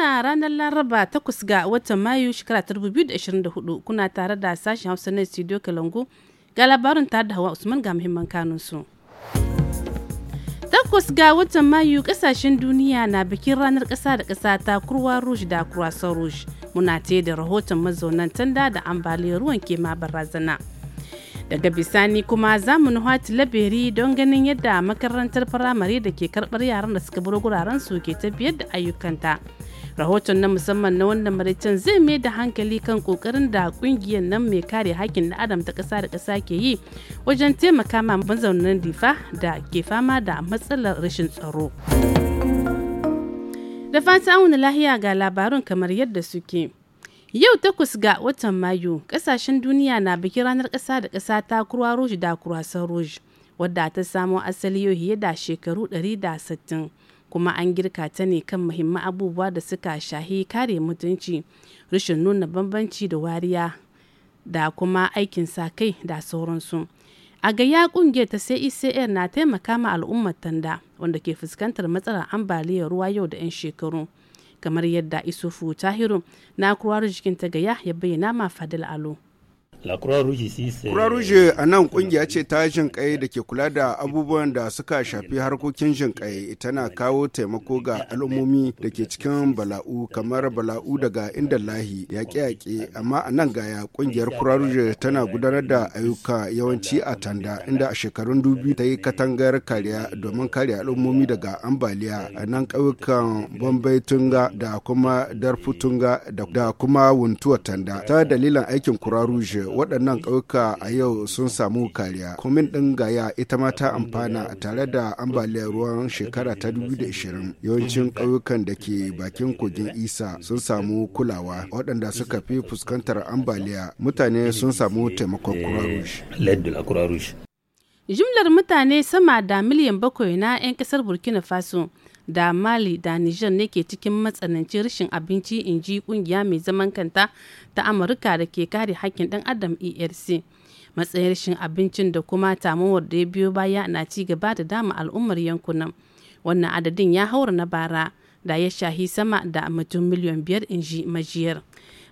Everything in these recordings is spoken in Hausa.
Muna ranar Laraba takwas ga watan Mayu shekara 2024 kuna tare da sashen Hausa na Studio Kalangu ga labarin tare da Hawa Usman ga muhimman kanunsu. Takwas ga watan Mayu kasashen duniya na bikin ranar kasa da kasa ta kurwa Rouge da Croissant Rouge. Muna te da rahoton mazaunan tanda da ambaliyar ruwan kema barazana. daga bisani kuma za mu nuhati labiri don ganin yadda makarantar firamare da ke karbar yaran da suka bar guraren su ke tafiyar da ayyukanta rahoton na musamman na wannan maraicen zai mai da hankali kan kokarin da kungiyar nan mai kare hakkin na adam ta kasa da kasa ke yi wajen taimaka ma mazaunan difa da ke fama da matsalar rashin tsaro da fata auna lahiya ga labarun kamar yadda suke Yau takwas ga watan Mayu, kasashen duniya na bikin ranar ƙasa da kasa ta kurwa da kurwasan Roj wadda ta samo asali yau da shekaru 160. kuma an girka ta ne kan muhimman abubuwa da suka shahi kare mutunci rashin nuna bambanci da wariya da kuma aikin sa kai da sauransu a ya kungiyar ta cicr e na taimaka ma al'ummar tanda wanda ke fuskantar matsalar ambaliyar ruwa yau da 'yan shekaru kamar yadda isufu tahiru na kurwar jikin ta gaya ya bayyana ma fadil alo Kura Rouge a nan kungiya ce ta jin kai da ke kula da abubuwan da suka shafi harkokin jin kai tana kawo taimako ga al'ummomi da ke cikin bala'u kamar bala'u daga inda lahi yaƙe-yaƙe amma a nan gaya kungiyar Kura Rouge tana gudanar da ayyuka yawanci a tanda inda a shekarun dubi ta yi katangar kariya domin kare al'ummomi daga ambaliya a nan ƙauyukan Bombay Tunga da kuma Darfutunga da kuma Wuntuwa Tanda ta dalilan aikin Kura Rouge waɗannan ƙauyuka a yau sun samu kariya. Komin ɗin gaya ita ma ta amfana tare da ambaliyar ruwan shekara ta 2020. Yawancin ƙauyukan da ke bakin kogin Isa sun samu kulawa waɗanda suka fi fuskantar ambaliya mutane sun samu taimakon Croix jimlar mutane sama da miliyan bakwai na 'yan kasar burkina faso da mali da niger ne ke cikin matsanancin rashin abinci in ji kungiya mai zaman kanta ta amurka da ke kare hakkin dan adam erc matsayin rashin abincin da kuma tamuwar da ya biyo baya na ci gaba da dama al'ummar yankunan wannan adadin ya haura na bara da ya shahi sama da mutum miliyan biyar in ji majiyar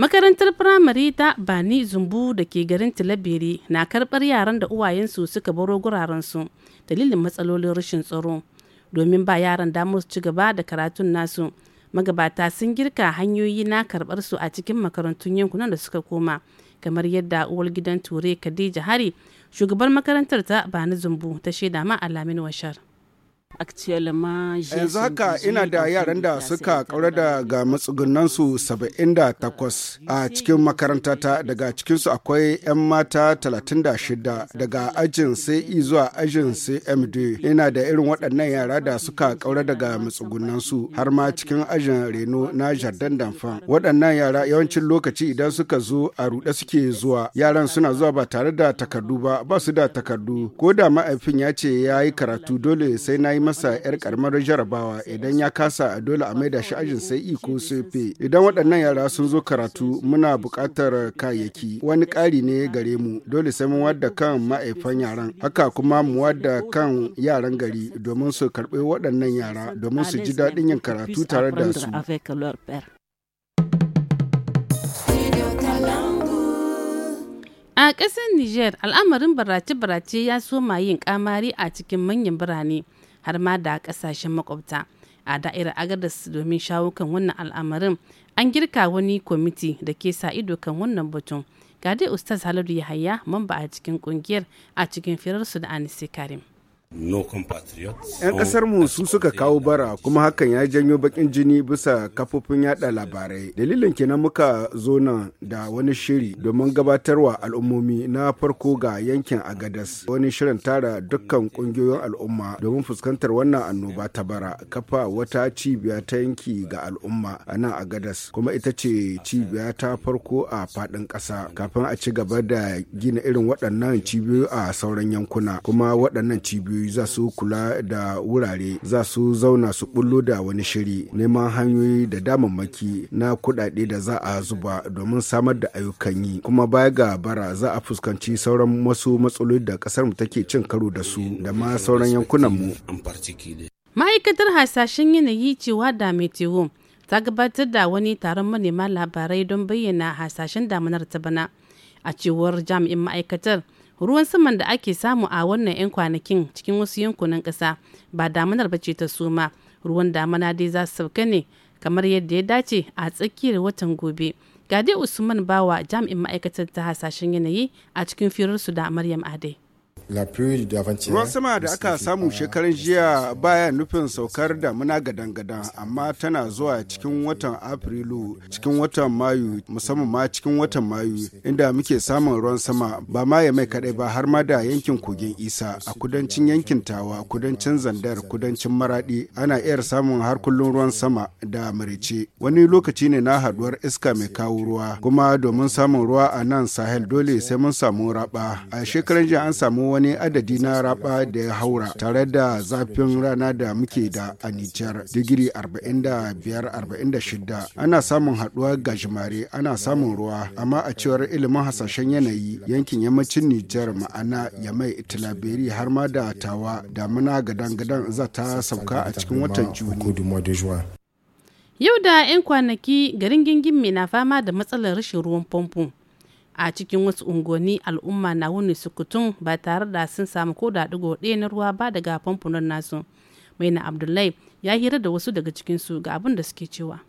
makarantar firamare ta bani zumbu da ke garin tilabere na karbar yaran da uwayensu suka baro gurarensu dalilin matsalolin rashin tsaro domin ba yaran damar su ci gaba da karatun nasu magabata sun girka hanyoyi na karbar su a cikin makarantun yankunan da suka koma kamar yadda uwar gidan ture khadija hari shugabar makarantar ta bani zumbu ta shaida ma alamin washar yanzu haka ina da yaran da suka kaura daga matsugunansu 78 a cikin makarantata daga cikinsu akwai 'yan mata 36 daga ajin sai e zuwa ajin sai md ina da irin waɗannan yara da suka kaura daga matsugunansu har ma cikin ajin reno na jardin damfan waɗannan yara yawancin lokaci idan suka zo a ruɗe suke zuwa yaran suna zuwa ba tare da takardu ba ba su da takardu ko da ma'aifin ya ce ya yi karatu dole sai na yi masa 'yar karamar jarabawa idan ya kasa a dole a maida shi ajin sai i e ko sefe idan waɗannan yara sun zo karatu muna buƙatar kayayyaki wani ƙari ne gare mu dole sai mu wadda kan ma'aifan yaran haka kuma mu wadda kan yaran gari domin su karɓi waɗannan yara domin su ji daɗin yin karatu tare da su A ƙasar niger al'amarin barace-barace ya soma yin kamari a cikin manyan birane. har ma da kasashen makwabta a da'irar agadas domin shawo kan wannan al'amarin an girka wani kwamiti da ke sa ido kan wannan batun ga dai ustaz haladu yahaya mamba a cikin kungiyar a cikin firarsu da anise karim no 'Yan kasar mu su suka kawo bara kuma hakan ya janyo bakin jini bisa kafofin yaɗa labarai. Dalilin kenan muka zo nan da wani shiri domin gabatarwa al'ummomi na farko ga yankin Agadas. Wani shirin tara dukkan kungiyoyin al'umma domin fuskantar wannan annoba ta bara. Kafa wata cibiya ta yanki ga al'umma a nan Agadas kuma ita ce cibiya ta farko a faɗin ƙasa kafin a ci gaba da gina irin waɗannan cibiyoyi a sauran yankuna kuma waɗannan cibiyoyi kungiyoyi za su kula da wurare za su zauna su bullo da wani shiri neman hanyoyi da damammaki na kudade da za a zuba domin samar da ayyukan yi kuma baya ga bara za a fuskanci sauran wasu matsaloli da kasar mu take cin karo da su da ma sauran yankunan mu ma'aikatar hasashen yanayi cewa da meteo ta gabatar da wani taron manema labarai don bayyana hasashen damanar ta bana a cewar jami'in ma'aikatar ruwan saman da ake samu a wannan 'yan kwanakin cikin wasu yankunan ƙasa ba damanar ba ce ta suma ruwan damana dai za su sauka ne kamar yadda ya dace a tsakiyar watan gobe gade usman bawa jami'in ma'aikatar ta hasashen yanayi a cikin firarsu da maryam adai Ruwan sama da aka samu uh, shekaran jiya baya nufin saukar damuna gadan-gadan amma tana zuwa cikin watan Afrilu, cikin watan Mayu, musamman ma cikin watan Mayu inda muke samun ruwan sama ba ma ya mai kadai ba har ma da yankin kogin Isa a kudancin yankin Tawa, kudancin Zandar, kudancin Maradi ana iya samun har kullum ruwan sama da marice. Wani lokaci ne na haduwar iska mai kawo ruwa kuma domin samun ruwa a nan Sahel dole sai mun samu raba. A shekaran jiya an samu wani adadi na raba da ya haura tare da zafin rana da muke da a Nijar digiri 45-46 ana samun haduwa gajimare ana samun ruwa amma a cewar ilimin hasashen yanayi yankin yammacin Nijar ma'ana ya mai itilaberi har ma da tawa damuna gadan-gadan za ta sauka a cikin watan Juni. Yau da 'yan kwanaki garin gingin mai na fama da matsalar rashin ruwan famfo. a cikin wasu unguwanni al'umma na wuni sukutun ba tare da sun samu ko da digo ɗaya na ruwa ba daga famfunan nasu maina abdullahi ya hira da wasu daga cikinsu ga abin da suke cewa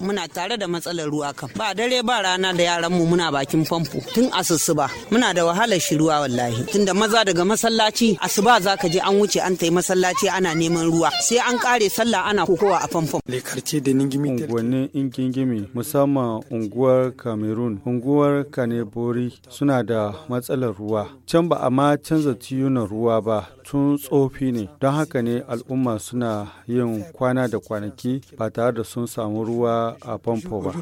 muna tare da matsalar ruwa kan ba dare ba rana da yaran mu muna bakin famfo tun asusuba muna da wahalar shi ruwa wallahi tunda maza daga masallaci asuba zaka je an wuce an tai masallaci ana neman ruwa sai an kare sallah ana kokowa a famfon lekarce da ningimi unguwannin ingingimi musamman unguwar cameroon unguwar kanebori suna da matsalar ruwa can ba a ma canza tiyunan ruwa ba tun tsofi ne don haka ne al'umma suna yin kwana da kwanaki ba tare da sun samu ruwa a famfo ba.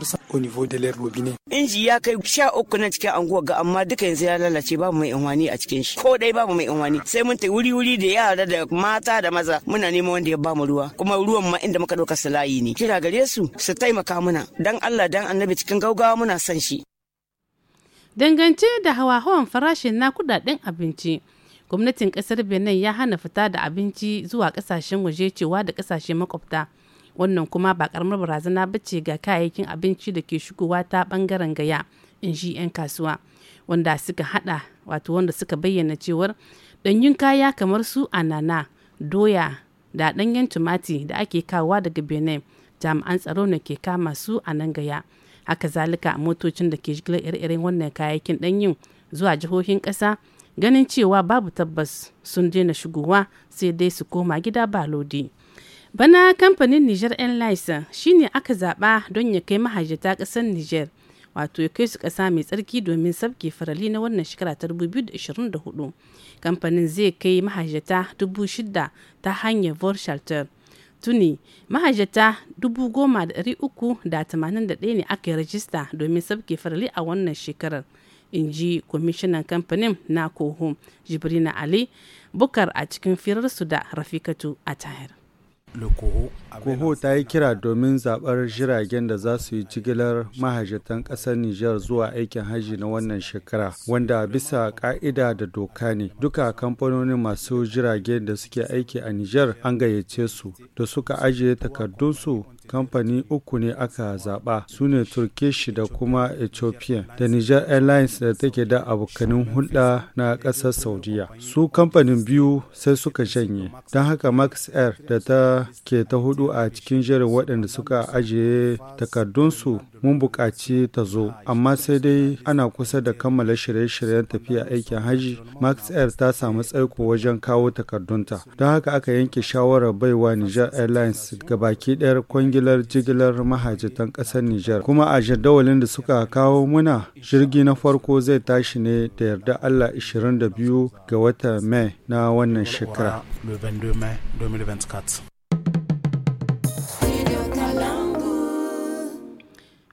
Inji ya kai sha uku na cikin anguwa ga amma duka yanzu ya lalace babu mai inwani a cikin shi ko dai babu mai inwani sai mun ta wuri wuri da yara da mata da maza muna neman wanda ya bamu ruwa kuma ruwan ma inda muka dauka su layi ne kira gare su su taimaka muna dan Allah dan annabi cikin gaugawa muna son shi. Dangance da hawa-hawan farashin na kudaden abinci, gwamnatin kasar benin ya hana fita da abinci zuwa kasashen waje cewa da kasashen makwabta wannan kuma ba karamar barazana ba ce ga kayayyakin abinci da ke shigowa ta bangaren gaya in ji 'yan kasuwa wanda suka hada wato wanda suka bayyana cewar ɗanyun kaya kamar su anana doya da ɗanyen tumati da ake kawowa daga benin jami'an tsaro na ke kama su a nan gaya haka zalika motocin da ke shigar ire-iren wannan kayayyakin ɗanyin zuwa jihohin ƙasa ganin cewa babu tabbas sun daina shigowa sai dai su koma gida ba lodi. Bana kamfanin Niger Airlines shi ne aka zaɓa don ya kai mahajjata ƙasar Niger, wato ya kai su ƙasa mai tsarki domin sabke farali na wannan shekara ta 2024. Kamfanin zai kai mahajjata 6,000 ta hanyar Vol Shelter. Tuni, mahajjata 10,381 ne aka yi rajista domin sabke farali a wannan shekarar. in ji kwamishinan kamfanin na koho jibrina ali bukar a cikin firarsu da rafikatu a tahir Koho ta yi kira domin zaɓar jiragen da za su yi jigilar mahajjatan ƙasar Nijar zuwa aikin haji na wannan shekara, wanda bisa ƙa'ida da doka ne. Duka kamfanonin masu jiragen da suke aiki a Nijar an gayyace su da suka ajiye takardunsu kamfani uku ne aka zaɓa su ne turkish da kuma ethiopian da niger airlines da take da abokanin hulɗa na ƙasar saudiya su kamfanin biyu sai suka janye don haka max air da ta ke ta hudu a cikin jerin waɗanda suka ajiye takardunsu mun buƙaci ta zo amma sai dai ana kusa da kammala shirye-shiryen tafiya aikin haji max air ta samu tsaiko wajen kawo takardunta don haka aka yanke shawarar baiwa niger airlines baki ɗayar kwangilar jigilar mahajatan ƙasar niger kuma a jadawalin da suka kawo muna jirgi na farko zai tashi ne da yarda allah 22 ga watan mai na wannan shekara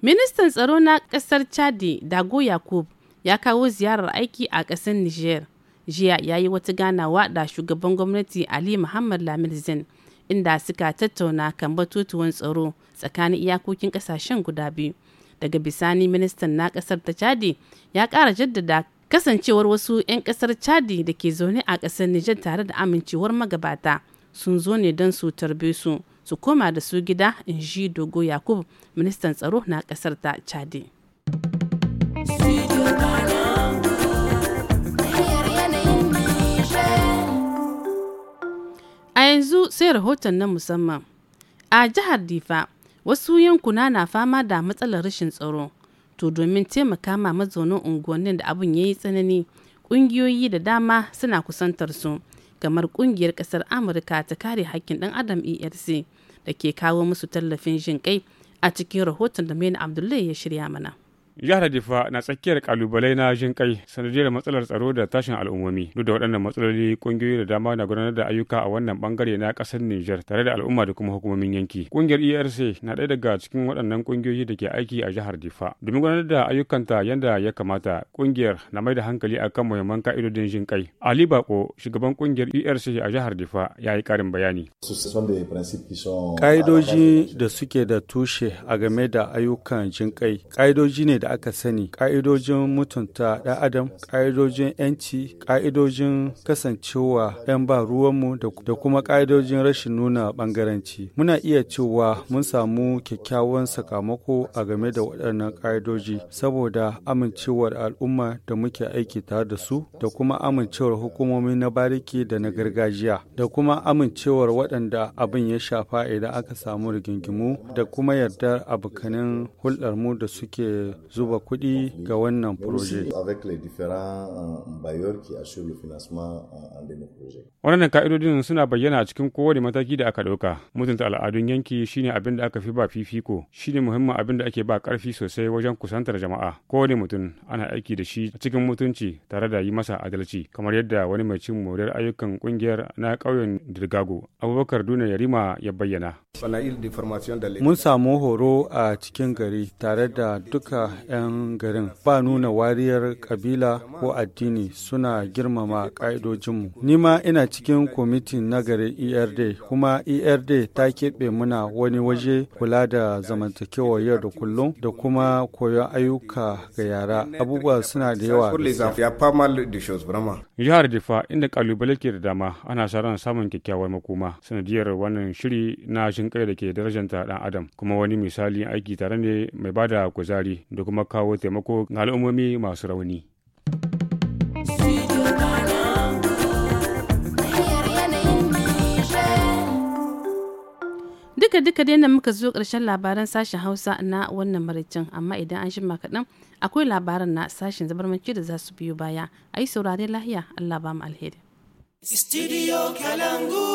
Ministan tsaro na ƙasar Chadi Dago Yakub ya kawo ziyarar aiki a ƙasar Niger. Jiya ya yi wata ganawa da shugaban gwamnati Ali Muhammad Lamir Zain inda suka tattauna kan batutuwan tsaro tsakanin iyakokin ƙasashen guda biyu. Daga bisani ministan na ƙasar ta Chadi ya ƙara jaddada kasancewar wasu 'yan ƙasar Chadi da ke zaune a ƙasar Niger tare da amincewar magabata sun zo ne don su tarbe su. su koma da su gida in ji dogo yakubu ministan tsaro na kasar ta chadi a yanzu sai rahoton na musamman a jihar difa wasu yankuna na fama da matsalar rashin tsaro to domin taimaka ma mazaunin unguwannin da abin ya yi tsanani ƙungiyoyi da dama suna kusantar su kamar kungiyar kasar amurka ta kare hakkin dan adam erc da ke kawo musu tallafin jin kai a cikin rahoton da maina abdullahi ya shirya mana Jihar Difa na tsakiyar kalubalai na jin kai sanadiyar matsalar tsaro da tashin al'ummomi. Duk da waɗannan matsaloli kungiyoyi da dama na gudanar da ayyuka a wannan bangare na ƙasar Nijar tare da al'umma da kuma hukumomin yanki. Kungiyar ERC na ɗaya daga cikin waɗannan kungiyoyi da ke aiki a jihar Difa. Domin gudanar da ayyukanta yadda ya kamata, kungiyar na mai da hankali a kan muhimman ka'idodin jin kai. Ali Bako, shugaban kungiyar ERC a jihar Difa, ya yi ƙarin bayani. Ka'idoji da suke da tushe a game da ayyukan jin kai. Ka'idoji ne da aka sani ƙa'idojin mutunta ɗan adam ƙa'idojin 'yanci ƙa'idojin kasancewa 'yan ba ruwanmu da kuma ƙa'idojin rashin nuna ɓangaranci muna iya cewa mun samu kyakkyawan sakamako a game da waɗannan ƙa'idoji saboda amincewar al'umma da muke aiki tare da su da kuma amincewar hukumomi na bariki da na gargajiya da kuma amincewar waɗanda abin ya shafa idan aka samu rigingimu da kuma yardar abokanin hulɗarmu da suke zuba kuɗi ga wannan proje. Euh, euh, wannan ka'idodin suna bayyana a cikin kowane mataki da aka ɗauka. Mutunta al'adun yanki shine abin da aka fi ba fifiko, shine muhimmin abin da ake ba ƙarfi sosai wajen kusantar jama'a. Kowane mutum ana aiki da shi a cikin mutunci tare da yi masa adalci, kamar yadda wani mai cin moriyar ayyukan ƙungiyar na ƙauyen Dirgago, Abubakar Duna Yarima ya bayyana. Mun samu horo a cikin gari tare da duka 'yan garin ba nuna wariyar kabila ko addini suna girmama ƙa'idojinmu. Nima ina cikin kwamitin na garin ERD kuma ERD ta keɓe muna wani waje kula da zamantakewa yau da kullum da kuma koyon ayyuka ga yara. Abubuwa suna da yawa. jihar difa inda kalubale ke da dama ana sa ran samun kyakkyawar makoma sanadiyar wannan shiri na shinkai da ke darajanta dan adam kuma wani misali aiki tare ne mai bada kuzari da kuma kawo taimako ga al'ummomi masu rauni. duka duka dai nan muka zo ƙarshen labaran sashen hausa na wannan maraicin amma idan an shima kaɗan akwai labaran na sashen zabarmanci da za su biyo baya a yi saurare lahiya allah ba mu alheri. Studio Kalangu.